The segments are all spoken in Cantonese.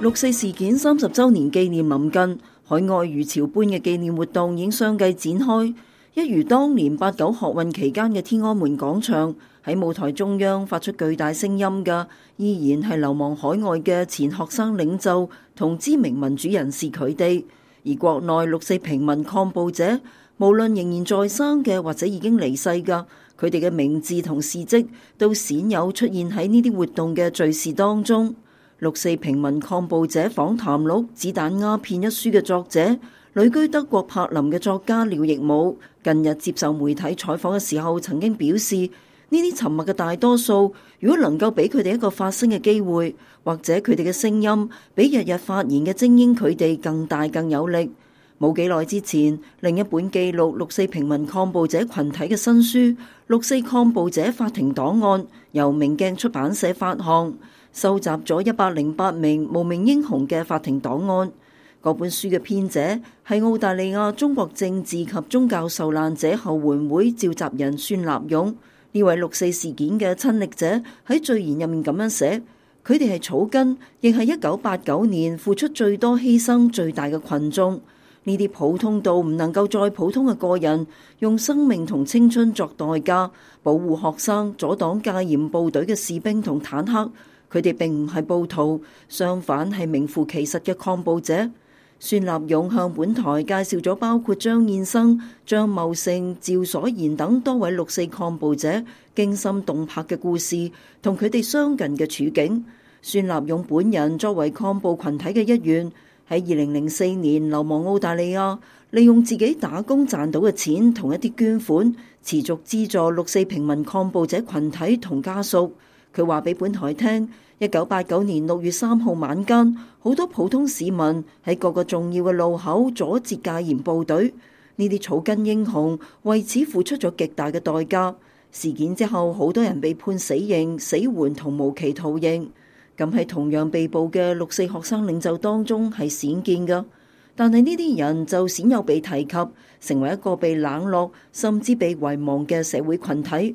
六四事件三十周年紀念臨近，海外如潮般嘅紀念活動已經相繼展開。一如當年八九學運期間嘅天安門廣場，喺舞台中央發出巨大聲音嘅，依然係流亡海外嘅前學生領袖同知名民主人士佢哋。而國內六四平民抗暴者，無論仍然在生嘅或者已經離世噶，佢哋嘅名字同事蹟，都鮮有出現喺呢啲活動嘅敘事當中。六四平民抗暴者訪談錄《子彈鴉片》一書嘅作者、旅居德國柏林嘅作家廖亦武，近日接受媒體採訪嘅時候，曾經表示：呢啲沉默嘅大多數，如果能夠俾佢哋一個發聲嘅機會，或者佢哋嘅聲音，比日日發言嘅精英佢哋更大更有力。冇幾耐之前，另一本記錄六四平民抗暴者群體嘅新書《六四抗暴者法庭檔案》，由明鏡出版社發行。收集咗一百零八名無名英雄嘅法庭檔案。嗰本書嘅編者係澳大利亞中國政治及宗教受難者後援會召集人孫立勇，呢位六四事件嘅親歷者喺序言入面咁樣寫：佢哋係草根，亦係一九八九年付出最多犧牲最大嘅群眾。呢啲普通到唔能夠再普通嘅個人，用生命同青春作代價，保護學生，阻擋戒嚴部隊嘅士兵同坦克。佢哋並唔係暴徒，相反係名副其實嘅抗暴者。孫立勇向本台介紹咗包括張燕生、張茂勝、趙所賢等多位六四抗暴者驚心動魄嘅故事，同佢哋相近嘅處境。孫立勇本人作為抗暴群體嘅一員，喺二零零四年流亡澳大利亞，利用自己打工賺到嘅錢同一啲捐款，持續資助六四平民抗暴者群體同家屬。佢話俾本台聽，一九八九年六月三號晚間，好多普通市民喺各個重要嘅路口阻截戒嚴部隊。呢啲草根英雄為此付出咗極大嘅代價。事件之後，好多人被判死刑、死緩同無期徒刑。咁喺同樣被捕嘅六四學生領袖當中係鮮見噶。但係呢啲人就鮮有被提及，成為一個被冷落甚至被遺忘嘅社會群體。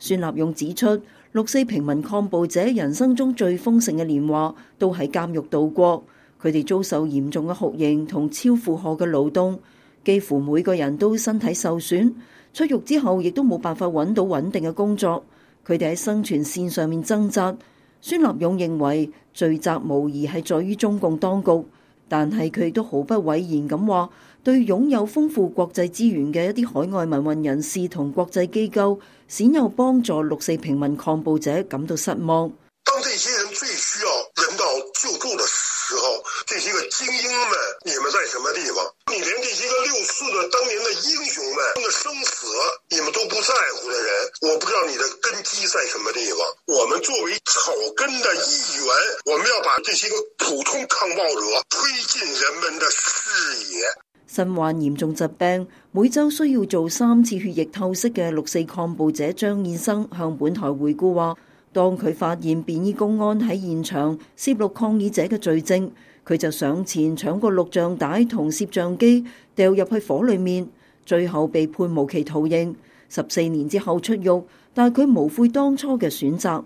孫立勇指出，六四平民抗暴者人生中最豐盛嘅年華都喺監獄度過，佢哋遭受嚴重嘅酷刑同超負荷嘅勞動，幾乎每個人都身體受損。出獄之後，亦都冇辦法揾到穩定嘅工作，佢哋喺生存線上面掙扎。孫立勇認為，罪責無疑係在於中共當局，但係佢都毫不諱言咁話。對擁有豐富國際資源嘅一啲海外民運人士同國際機構，鮮有幫助六四平民抗暴者感到失望。當這些人最需要人道救助的時候，這些個精英們，你們在什麼地方？你連這些個六四的當年的英雄們的、那個、生死，你們都不在乎的人，我不知道你的根基在什麼地方。我們作為草根的一員，我們要把這些個普通抗暴者推進人們的視野。身患嚴重疾病，每周需要做三次血液透析嘅六四抗暴者張燕生向本台回顧話，當佢發現便衣公安喺現場攝錄抗議者嘅罪證，佢就上前搶過錄像帶同攝像機，掉入去火裏面，最後被判無期徒刑。十四年之後出獄，但係佢無悔當初嘅選擇。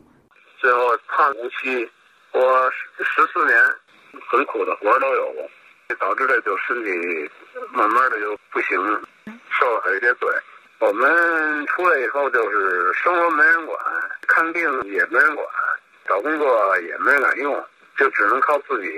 最後判無期我十四年，很苦的，玩都有。導致了就身體慢慢的就不行，受了很些罪。我們出來以後，就是生活沒人管，看病也沒人管，找工作也沒人敢用，就只能靠自己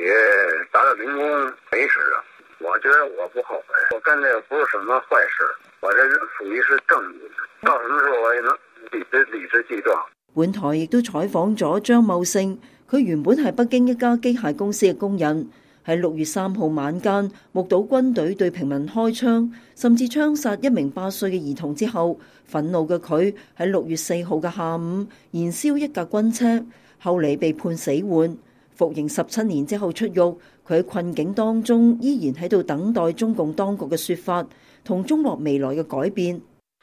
打打零工維持着。我覺得我不後悔，我幹這個不是什麼壞事，我這屬於是正義。到什麼時候我也能理直理直氣壯。本台亦都採訪咗張茂勝，佢原本係北京一家機械公司嘅工人。喺六月三號晚間目睹軍隊對平民開槍，甚至槍殺一名八歲嘅兒童之後，憤怒嘅佢喺六月四號嘅下午燃燒一架軍車，後嚟被判死緩，服刑十七年之後出獄，佢喺困境當中依然喺度等待中共當局嘅說法同中國未來嘅改變。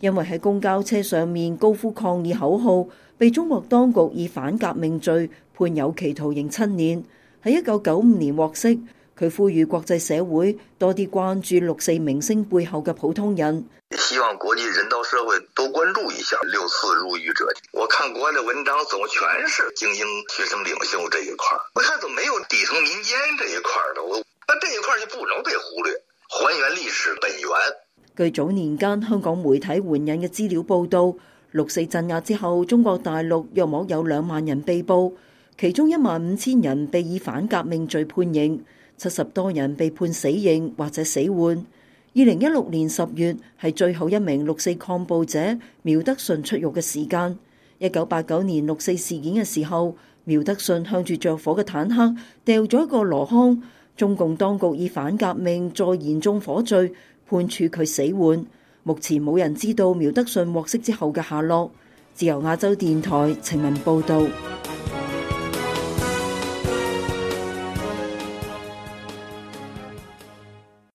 因為喺公交車上面高呼抗議口號，被中國當局以反革命罪判有期徒刑七年。喺一九九五年獲釋，佢呼籲國際社會多啲關注六四明星背後嘅普通人。希望國際人道社會多關注一下六四入獄者。我看國外的文章，怎麼全是精英、學生領袖這一塊？我看怎麼沒有底層民間這一塊的？我，那這一塊就不能被忽略，還原歷史本源。據早年間香港媒體援引嘅資料報道，六四鎮壓之後，中國大陸約莫有兩萬人被捕，其中一萬五千人被以反革命罪判刑，七十多人被判死刑或者死緩。二零一六年十月係最後一名六四抗暴者苗德順出獄嘅時間。一九八九年六四事件嘅時候，苗德順向住着火嘅坦克掉咗一個籮筐，中共當局以反革命再嚴重火罪。判處佢死緩，目前冇人知道苗德信獲釋之後嘅下落。自由亞洲電台陳文報道。